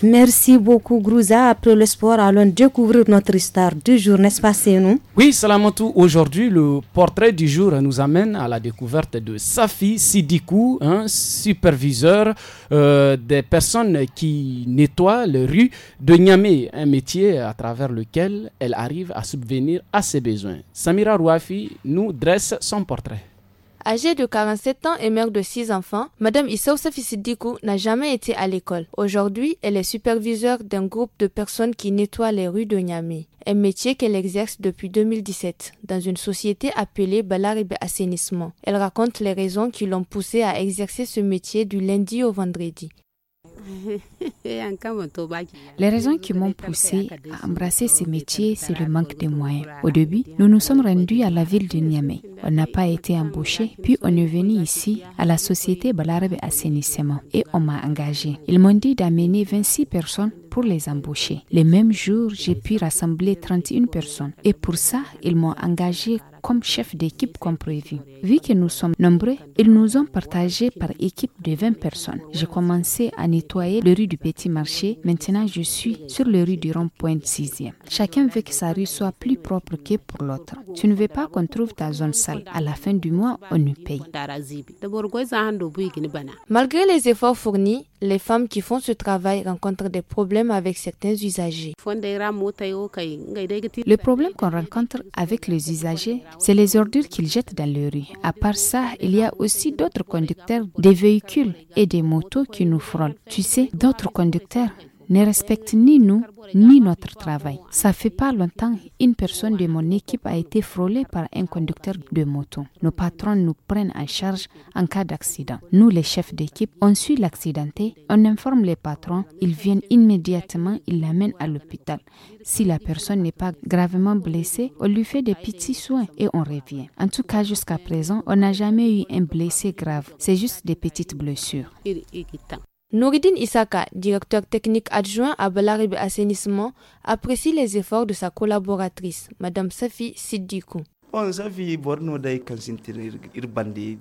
Merci beaucoup, Grouza. Après le sport, allons découvrir notre star du jour, n'est-ce pas, nous Oui, tout Aujourd'hui, le portrait du jour nous amène à la découverte de Safi Sidikou, un superviseur euh, des personnes qui nettoient les rues de Niamey, un métier à travers lequel elle arrive à subvenir à ses besoins. Samira Rouafi nous dresse son portrait. Âgée de 47 ans et mère de 6 enfants, Madame Issa n'a jamais été à l'école. Aujourd'hui, elle est superviseure d'un groupe de personnes qui nettoient les rues de Niamey, un métier qu'elle exerce depuis 2017 dans une société appelée Balaribe Assainissement. Elle raconte les raisons qui l'ont poussée à exercer ce métier du lundi au vendredi. Les raisons qui m'ont poussé à embrasser ce métier, c'est le manque de moyens. Au début, nous nous sommes rendus à la ville de Niamey. On n'a pas été embauché, puis on est venu ici à la société Balarabe Assainissement et on m'a engagé. Ils m'ont dit d'amener 26 personnes pour les embaucher. Les mêmes jours, j'ai pu rassembler 31 personnes et pour ça, ils m'ont engagé comme chef d'équipe comme prévu. Vu que nous sommes nombreux, ils nous ont partagé par équipe de 20 personnes. J'ai commencé à nettoyer le rue du Petit Marché. Maintenant, je suis sur le rue du rond-point 6e. Chacun veut que sa rue soit plus propre que pour l'autre. Tu ne veux pas qu'on trouve ta zone sale. À la fin du mois, on nous paye. Malgré les efforts fournis, les femmes qui font ce travail rencontrent des problèmes avec certains usagers. Le problème qu'on rencontre avec les usagers, c'est les ordures qu'ils jettent dans les rues. À part ça, il y a aussi d'autres conducteurs des véhicules et des motos qui nous frôlent. Tu sais, d'autres conducteurs ne respectent ni nous ni notre travail. Ça fait pas longtemps, une personne de mon équipe a été frôlée par un conducteur de moto. Nos patrons nous prennent en charge en cas d'accident. Nous, les chefs d'équipe, on suit l'accidenté, on informe les patrons, ils viennent immédiatement, ils l'amènent à l'hôpital. Si la personne n'est pas gravement blessée, on lui fait des petits soins et on revient. En tout cas, jusqu'à présent, on n'a jamais eu un blessé grave. C'est juste des petites blessures. Nouridine Isaka, directeur technique adjoint à Balaribe Assainissement, apprécie les efforts de sa collaboratrice, Madame Safi Sidikou.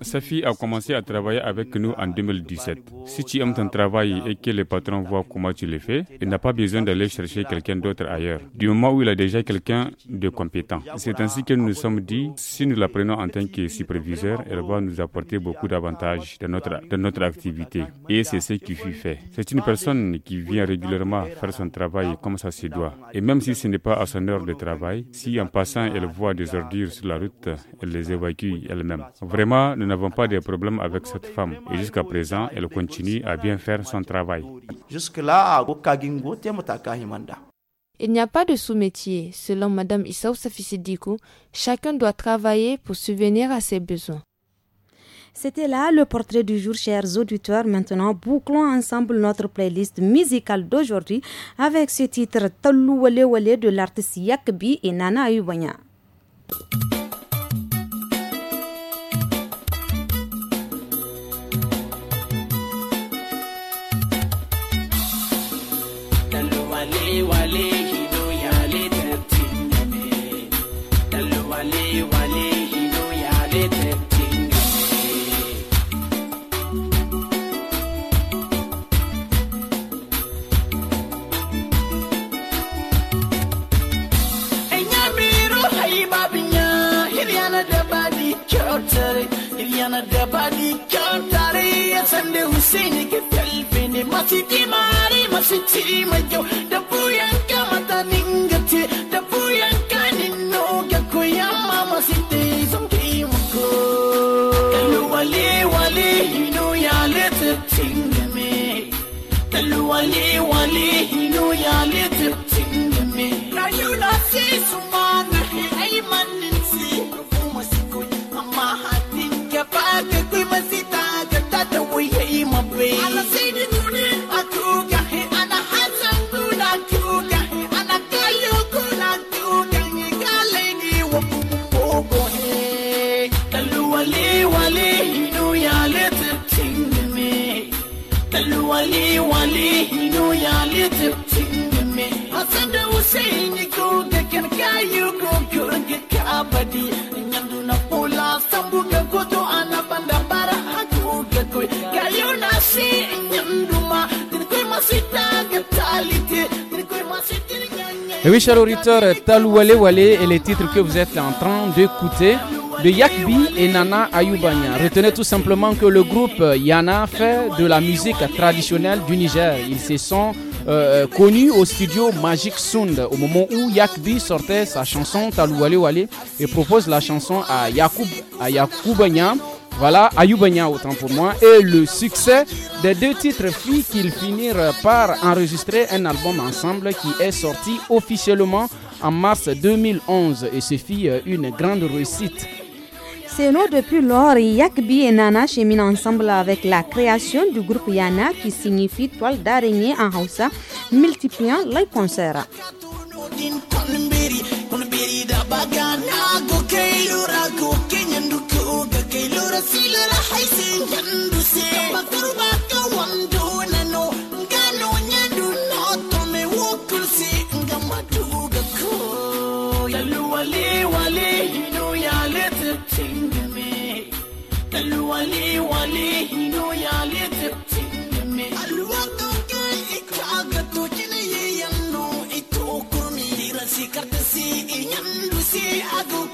Safi a commencé à travailler avec nous en 2017. Si tu aimes ton travail et que le patron voit comment tu le fais, il n'a pas besoin d'aller chercher quelqu'un d'autre ailleurs. Du moment où il a déjà quelqu'un de compétent. C'est ainsi que nous nous sommes dit, si nous la prenons en tant que superviseur, elle va nous apporter beaucoup d'avantages dans notre, dans notre activité. Et c'est ce qui fut fait. C'est une personne qui vient régulièrement faire son travail comme ça se doit. Et même si ce n'est pas à son heure de travail, si en passant elle voit des ordures la route, elle les évacue elle-même. Vraiment, nous n'avons pas de problème avec cette femme. Et jusqu'à présent, elle continue à bien faire son travail. Il n'y a pas de sous-métier. Selon Mme Issaou Safisidikou, chacun doit travailler pour subvenir à ses besoins. C'était là le portrait du jour, chers auditeurs. Maintenant, bouclons ensemble notre playlist musicale d'aujourd'hui avec ce titre Talou de l'artiste Yakbi et Nana Iwanya. badi kyautare ya not da Husaini ke talfe ne masu kimari masu ci mai kyau da buyan my Et oui, chers auditeurs, Talouale Wale est le titre que vous êtes en train d'écouter de Yakbi et Nana Ayubanya. Retenez tout simplement que le groupe Yana fait de la musique traditionnelle du Niger. Ils se sont euh, connus au studio Magic Sound au moment où Yakbi sortait sa chanson Talouale Wale et propose la chanson à Yakoub à voilà, Ayubanya autant pour moi. Et le succès des deux titres fit qu'ils finirent par enregistrer un album ensemble qui est sorti officiellement en mars 2011 et ce fit une grande réussite. C'est nous depuis lors, Yakbi et Nana cheminent ensemble avec la création du groupe Yana qui signifie toile d'araignée en Hausa, multipliant les concerts. I rax ay see ma to kurmi rasi agu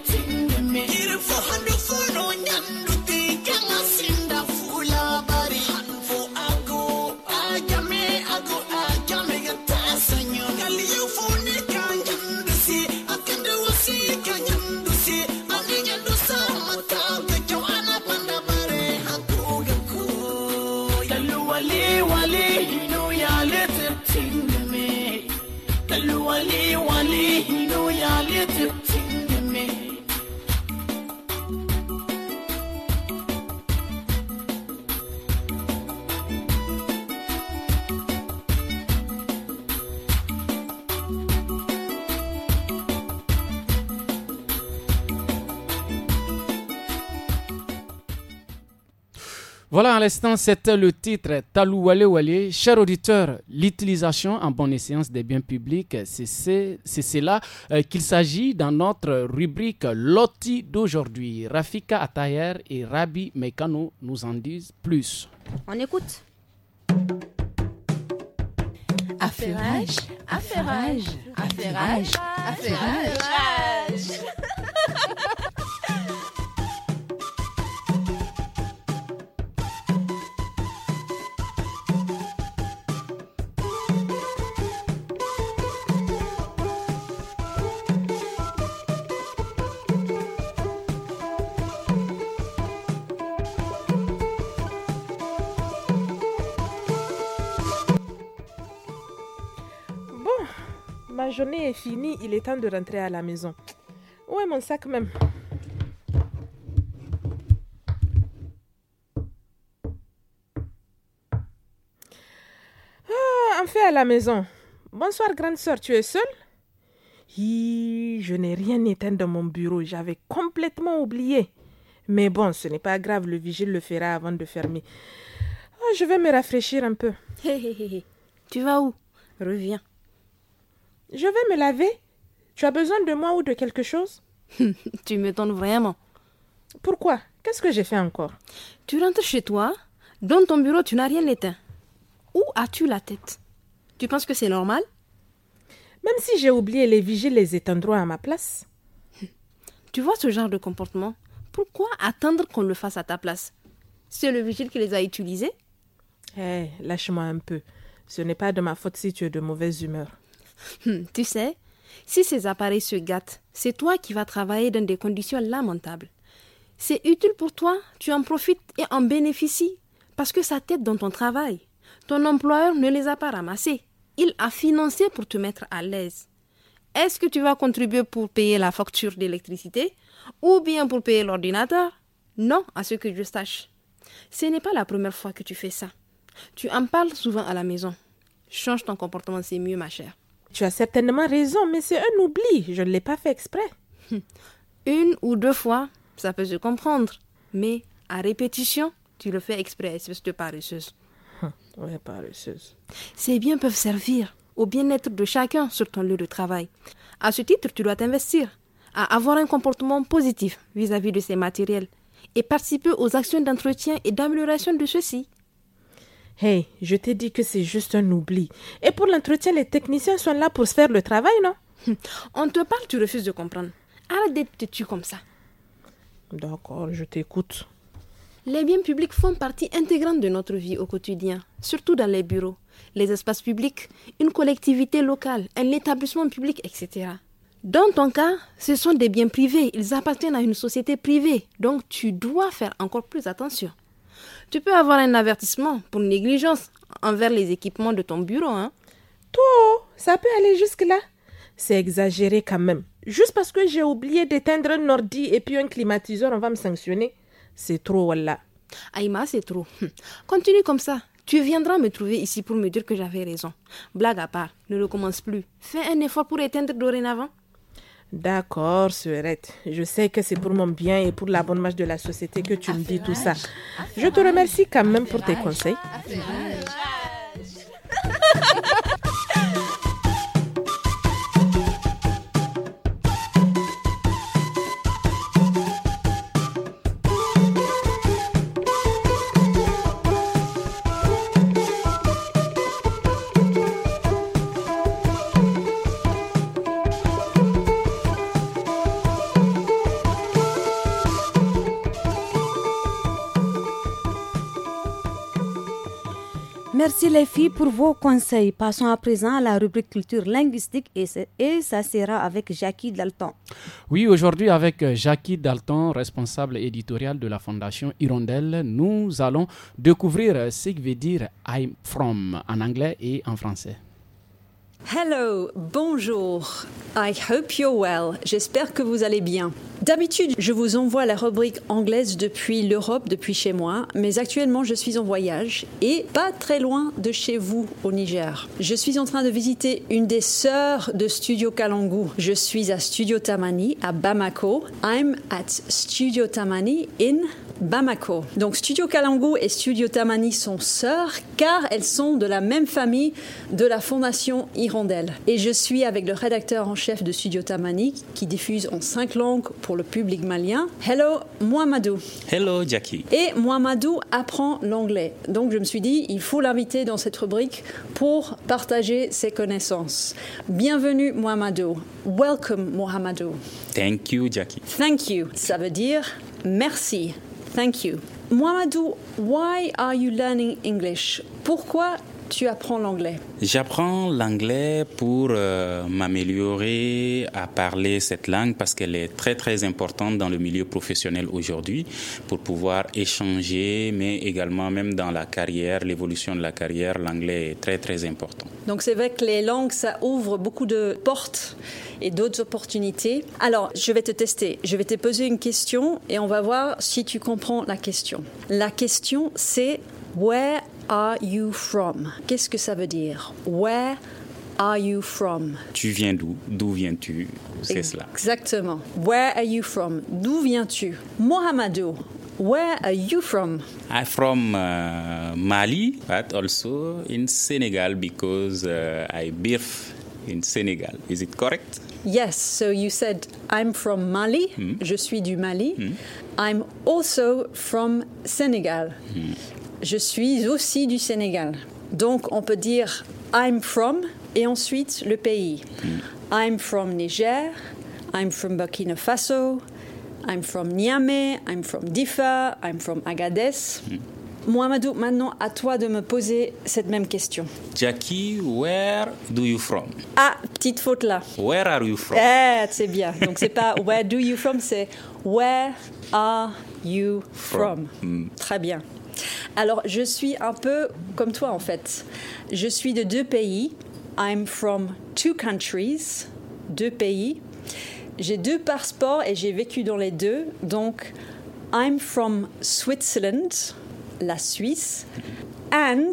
Voilà, à l'instant, c'était le titre Talou Wale Wale. Chers auditeurs, l'utilisation en bonne essence des biens publics, c'est cela euh, qu'il s'agit dans notre rubrique Loti d'aujourd'hui. Rafika Atayer et Rabi Mekano nous en disent plus. On écoute. affairage, affairage, affairage. affairage. la journée est finie, il est temps de rentrer à la maison. Où est mon sac même ah, enfin à la maison. Bonsoir grande sœur, tu es seule je n'ai rien éteint dans mon bureau, j'avais complètement oublié. Mais bon, ce n'est pas grave, le vigile le fera avant de fermer. Ah, je vais me rafraîchir un peu. Tu vas où Reviens. Je vais me laver. Tu as besoin de moi ou de quelque chose Tu m'étonnes vraiment. Pourquoi Qu'est-ce que j'ai fait encore Tu rentres chez toi, dans ton bureau, tu n'as rien éteint. Où as-tu la tête Tu penses que c'est normal Même si j'ai oublié les vigiles les éteindront à ma place. Tu vois ce genre de comportement Pourquoi attendre qu'on le fasse à ta place C'est le vigile qui les a utilisés Eh, lâche-moi un peu. Ce n'est pas de ma faute si tu es de mauvaise humeur. Hum, tu sais, si ces appareils se gâtent, c'est toi qui vas travailler dans des conditions lamentables. C'est utile pour toi, tu en profites et en bénéficies, parce que ça t'aide dans ton travail. Ton employeur ne les a pas ramassés, il a financé pour te mettre à l'aise. Est-ce que tu vas contribuer pour payer la facture d'électricité ou bien pour payer l'ordinateur Non, à ce que je sache. Ce n'est pas la première fois que tu fais ça. Tu en parles souvent à la maison. Change ton comportement, c'est mieux, ma chère. Tu as certainement raison, mais c'est un oubli. Je ne l'ai pas fait exprès. Hum. Une ou deux fois, ça peut se comprendre. Mais à répétition, tu le fais exprès, espèce de paresseuse. Hum. Oui, paresseuse. Ces biens peuvent servir au bien-être de chacun sur ton lieu de travail. À ce titre, tu dois t'investir à avoir un comportement positif vis à -vis de ces matériels et participer aux actions d'entretien et d'amélioration de ceux-ci. Hey, je t'ai dit que c'est juste un oubli. Et pour l'entretien, les techniciens sont là pour se faire le travail, non On te parle, tu refuses de comprendre. Arrête d'être têtu comme ça. D'accord, je t'écoute. Les biens publics font partie intégrante de notre vie au quotidien, surtout dans les bureaux, les espaces publics, une collectivité locale, un établissement public, etc. Dans ton cas, ce sont des biens privés, ils appartiennent à une société privée, donc tu dois faire encore plus attention tu peux avoir un avertissement pour négligence envers les équipements de ton bureau. Hein. Toi, ça peut aller jusque-là. C'est exagéré quand même. Juste parce que j'ai oublié d'éteindre un ordi et puis un climatiseur, on va me sanctionner. C'est trop, Wallah. Aïma, c'est trop. Hum. Continue comme ça. Tu viendras me trouver ici pour me dire que j'avais raison. Blague à part, ne recommence plus. Fais un effort pour éteindre dorénavant. D'accord, Surette. Je sais que c'est pour mon bien et pour la bonne marche de la société que tu me dis tout ça. Je te remercie quand même pour tes conseils. Merci les filles pour vos conseils. Passons à présent à la rubrique culture linguistique et, ça sera avec Jackie Dalton. Oui, aujourd'hui avec euh, Jackie Dalton, responsable éditorial de la Fondation Hirondelle, nous allons découvrir euh, ce que veut dire I'm from en anglais et en français. Hello, bonjour. I hope you're well. J'espère que vous allez bien. D'habitude, je vous envoie la rubrique anglaise depuis l'Europe, depuis chez moi, mais actuellement je suis en voyage et pas très loin de chez vous au Niger. Je suis en train de visiter une des sœurs de Studio Kalangu. Je suis à Studio Tamani à Bamako. I'm at Studio Tamani in Bamako. Donc Studio Kalangu et Studio Tamani sont sœurs car elles sont de la même famille de la Fondation Hirondelle. Et je suis avec le rédacteur en chef de Studio Tamani qui diffuse en cinq langues pour le public malien. Hello Mohamedou. Hello Jackie. Et Mohamedou apprend l'anglais. Donc je me suis dit, il faut l'inviter dans cette rubrique pour partager ses connaissances. Bienvenue Mohamedou. Welcome Mohamedou. Thank you Jackie. Thank you. Ça veut dire merci. Thank you. Mohamedou, why are you learning English? Pourquoi tu apprends l'anglais J'apprends l'anglais pour euh, m'améliorer à parler cette langue parce qu'elle est très très importante dans le milieu professionnel aujourd'hui pour pouvoir échanger, mais également même dans la carrière, l'évolution de la carrière, l'anglais est très très important. Donc c'est vrai que les langues, ça ouvre beaucoup de portes et d'autres opportunités. Alors je vais te tester, je vais te poser une question et on va voir si tu comprends la question. La question c'est Where are you from Qu'est-ce que ça veut dire Where are you from Tu viens d'où D'où viens-tu C'est cela. Exactement. Where are you from D'où viens-tu Mohamedou, Where are you from? I'm from euh, Mali, but also in Senegal because euh, I birth in Senegal. Is it correct? Yes. So you said I'm from Mali. Hmm. Je suis du Mali. Hmm. I'm also from Senegal. Hmm je suis aussi du Sénégal. Donc on peut dire I'm from et ensuite le pays. Hmm. I'm from Niger, I'm from Burkina Faso, I'm from Niamey, I'm from Difa, I'm from Agadez. Hmm. Mohamedou, maintenant à toi de me poser cette même question. Jackie, where do you from? Ah, petite faute là. Where are you from? Eh, c'est bien. Donc c'est pas where do you from, c'est where are you from? Hmm. Très bien. Alors, je suis un peu comme toi, en fait. Je suis de deux pays. I'm from two countries, deux pays. J'ai deux passeports et j'ai vécu dans les deux. Donc, I'm from Switzerland, la Suisse, and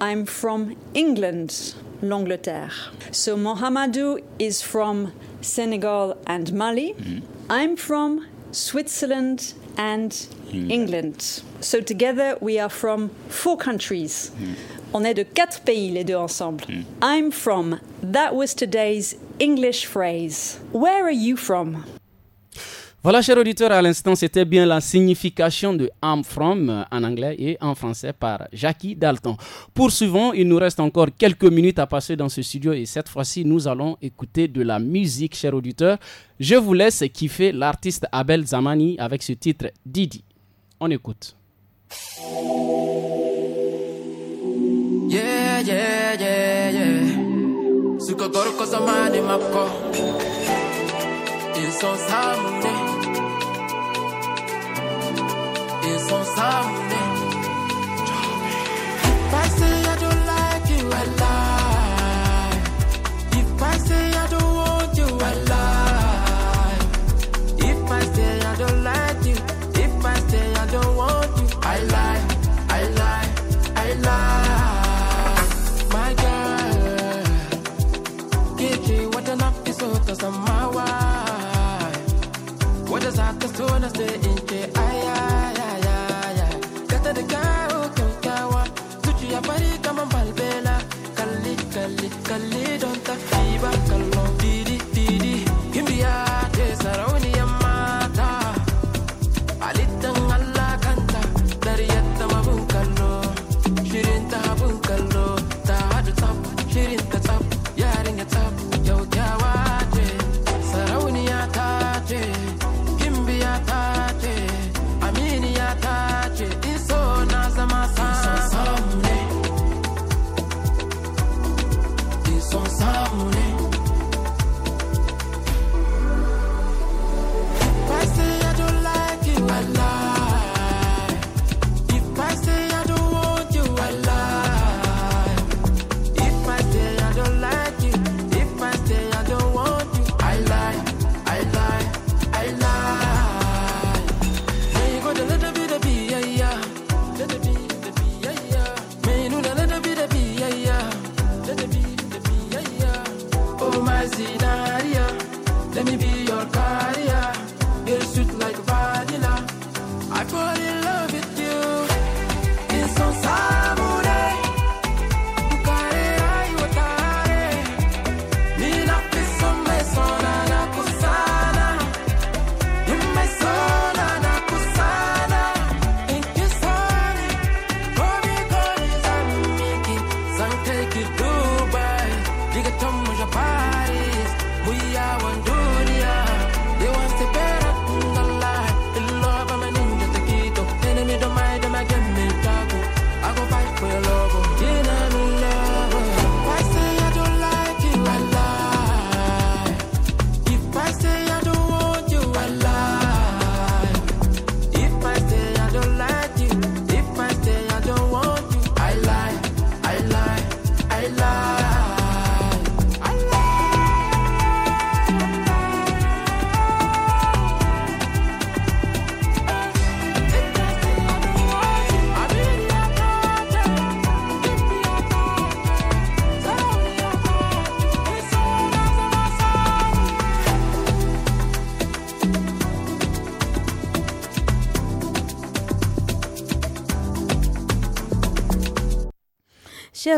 I'm from England, l'Angleterre. So, Mohamedou is from Senegal and Mali. Mm-hmm. I'm from Switzerland and England. So together we are from four countries. Hmm. On est de quatre pays les deux ensemble. Hmm. I'm from. That was today's English phrase. Where are you from? Voilà, chers auditeurs, à l'instant, c'était bien la signification de I'm from euh, en anglais et en français par Jackie Dalton. Poursuivons, il nous reste encore quelques minutes à passer dans ce studio et cette fois-ci, nous allons écouter de la musique, chers auditeurs. Je vous laisse kiffer l'artiste Abel Zamani avec ce titre Didi. On écoute. Yeah, yeah, yeah, yeah. mako. It's mapko. Inson It's Inson samune.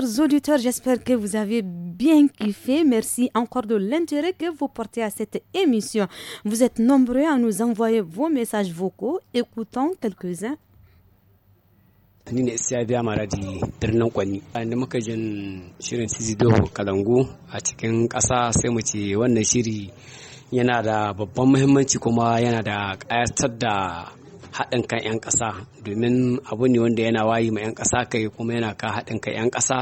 chers auditeurs, j'espère que vous avez bien kiffé. Merci encore de l'intérêt que vous portez à cette émission. Vous êtes nombreux à nous envoyer vos messages vocaux. Écoutons quelques-uns haɗin kan 'yan ƙasa domin abu ne wanda yana wayi ma 'yan ƙasa kai kuma yana ka haɗin kan 'yan ƙasa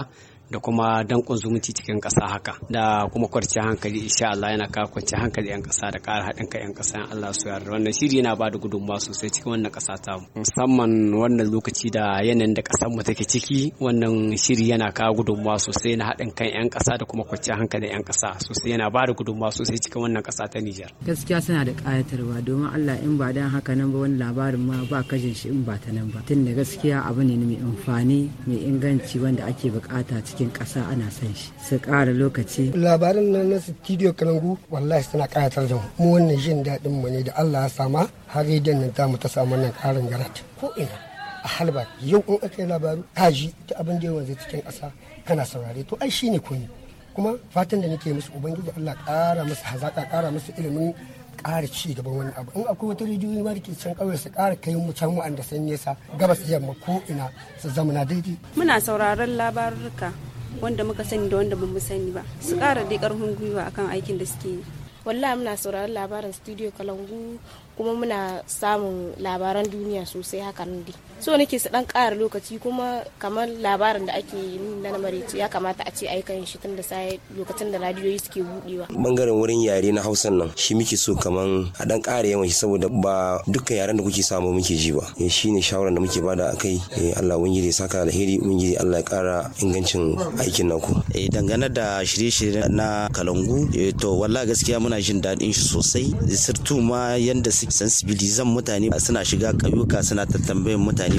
da kuma dankon zumunci cikin ƙasa haka da kuma kwarci hankali insha Allah yana ka kwanciyar hankali yan ƙasa da ƙara haɗin kai yan ƙasa yan Allah su yarda wannan shiri yana ba da gudunmawa sosai cikin wannan ƙasa ta musamman wannan lokaci da yanayin da ƙasar mu take ciki wannan shiri yana ka gudunmawa sosai na haɗin kan yan ƙasa da kuma kwanciyar hankali yan ƙasa sosai yana ba da gudunmawa sosai cikin wannan ƙasa ta Nijar gaskiya suna da ƙayatarwa domin Allah in ba dan haka nan ba wani labarin ma ba kajin shi in ba ta nan ba tunda gaskiya abu ne mai amfani mai inganci wanda ake bukata cikin cikin ƙasa ana son shi su ƙara lokaci labarin nan na studio kanangu wallahi suna ƙayatar da mu wannan jin daɗin mu ne da Allah ya sama har idan nan ta mu ta samu nan ƙarin garat ko ina a halba yau in aka yi labaru kaji ta abin da yawan zai cikin ƙasa kana saurare to ai ne kuni kuma fatan da nake musu ubangiji Allah ƙara musu hazaka ƙara musu ilimin ƙara ci gaban wani abu in akwai wata rijiyoyi ma dake can ƙauye su ƙara kai mu can wa'anda sun nesa gabas yamma ko ina su zamana daidai muna sauraron labarurka wanda muka sani da wanda bamu sani ba su ƙara dai karfin gwiwa akan aikin da suke yi wallahi muna sauraron labarin studio kalangu kuma muna samun labaran duniya sosai hakan dai so nake su dan ƙara lokaci kuma kamar labarin da ake yi na namarici ya kamata a ce aikan shi tun da sai lokacin da radiyoyi suke buɗewa. bangaren wurin yare na hausan nan shi muke so kaman a dan ƙara yawan shi saboda ba dukkan yaren da kuke samu muke ji ba eh, shi ne shawaran da muke bada a kai eh, Allah wani ya saka alheri ubangiji Allah ya ƙara ingancin aikin naku. eh dangane da shirye-shirye na kalangu eh, to walla gaskiya muna jin daɗin shi sosai sirtu ma yanda sensibilizan mutane suna shiga ƙauyuka suna tattambayin mutane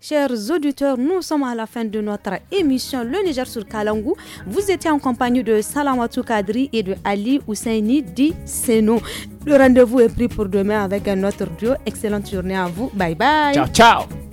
Chers auditeurs, nous sommes à la fin de notre émission Le Niger sur Kalangu Vous étiez en compagnie de Salamatou Kadri et de Ali Ousseini Di Seno. Le rendez-vous est pris pour demain avec un autre duo. Excellente journée à vous. Bye bye. Ciao, ciao.